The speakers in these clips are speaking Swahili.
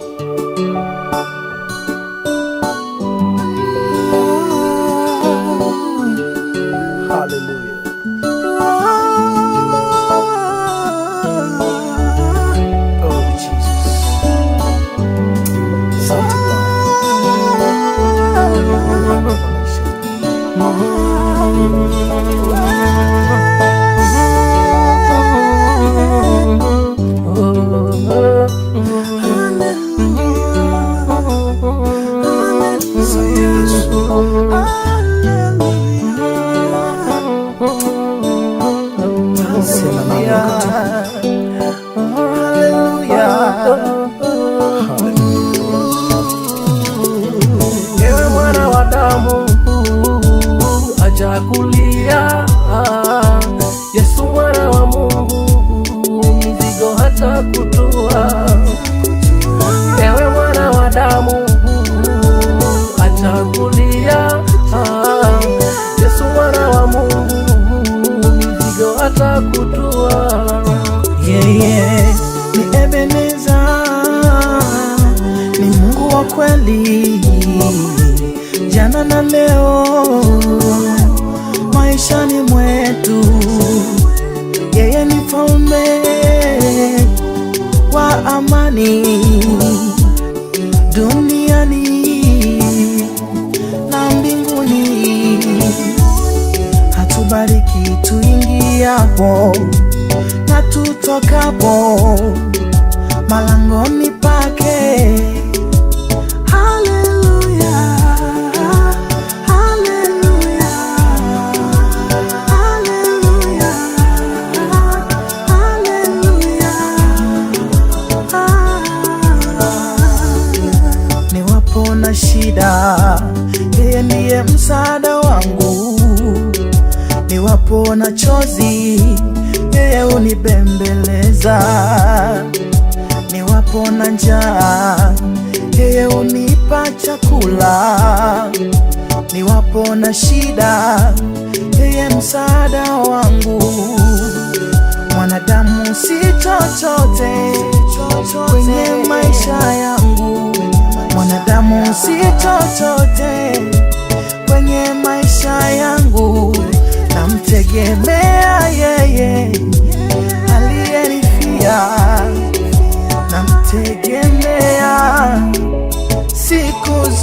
Thank you. you. Oh. hata kutua. Yeah, yeah. Ni Ebeneza, ni Mungu wa kweli, jana na leo maishani mwetu. Yeye ni mfalme wa amani. tuingiapo na tutokapo malangoni pake. Haleluya, Niwapo na shida, yeye ndiye msaada wangu niwapo na chozi, yeye unibembeleza. Niwapo na njaa, yeye hunipa chakula. Niwapo na shida, yeye msaada wangu.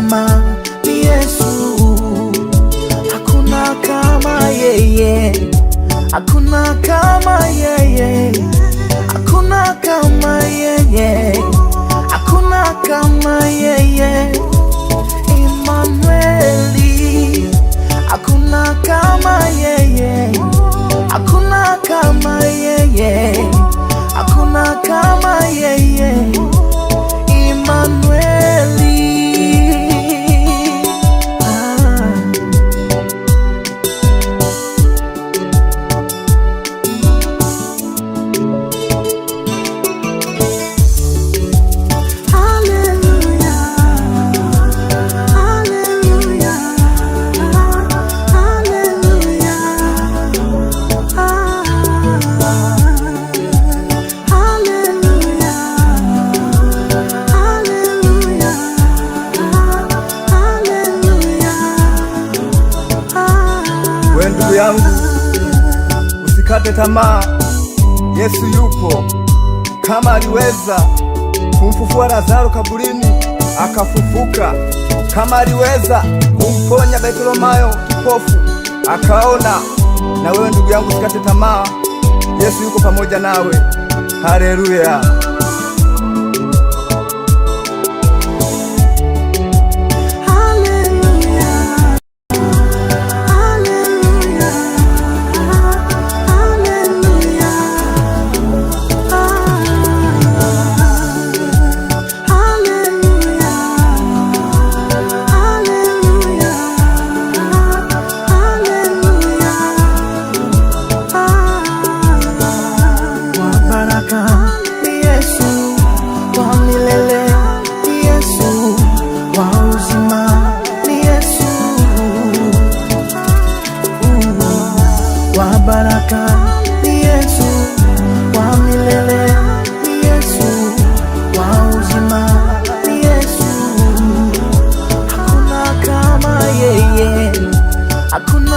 mwema ni Yesu, hakuna kama yeye, hakuna kama yeye, hakuna kama yeye, hakuna kama yeye. usikate tamaa. Yesu yupo, kama aliweza kumfufua Lazaro kaburini akafufuka, kama aliweza kumponya mayo kipofu akaona, na wewe ndugu yangu usikate tamaa. Yesu yuko pamoja nawe. Haleluya! wa baraka ni Yesu wa milele ni Yesu wa uzima ni Yesu, hakuna kama yeye, hakuna